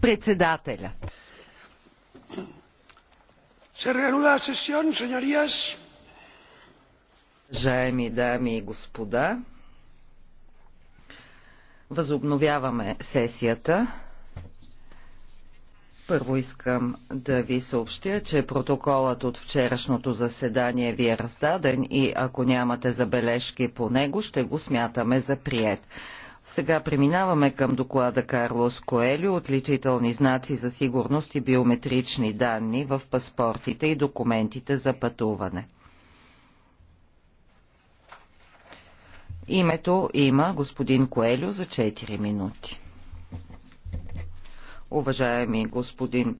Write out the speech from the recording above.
Председателя. Се реануда сесион, señorías. Уважаеми дами и господа, възобновяваме сесията. Първо искам да ви съобщя, че протоколът от вчерашното заседание ви е раздаден и ако нямате забележки по него, ще го смятаме за прият. Сега преминаваме към доклада Карлос Коелю отличителни знаци за сигурност и биометрични данни в паспортите и документите за пътуване. Името има господин Коелю за 4 минути. Уважаеми господин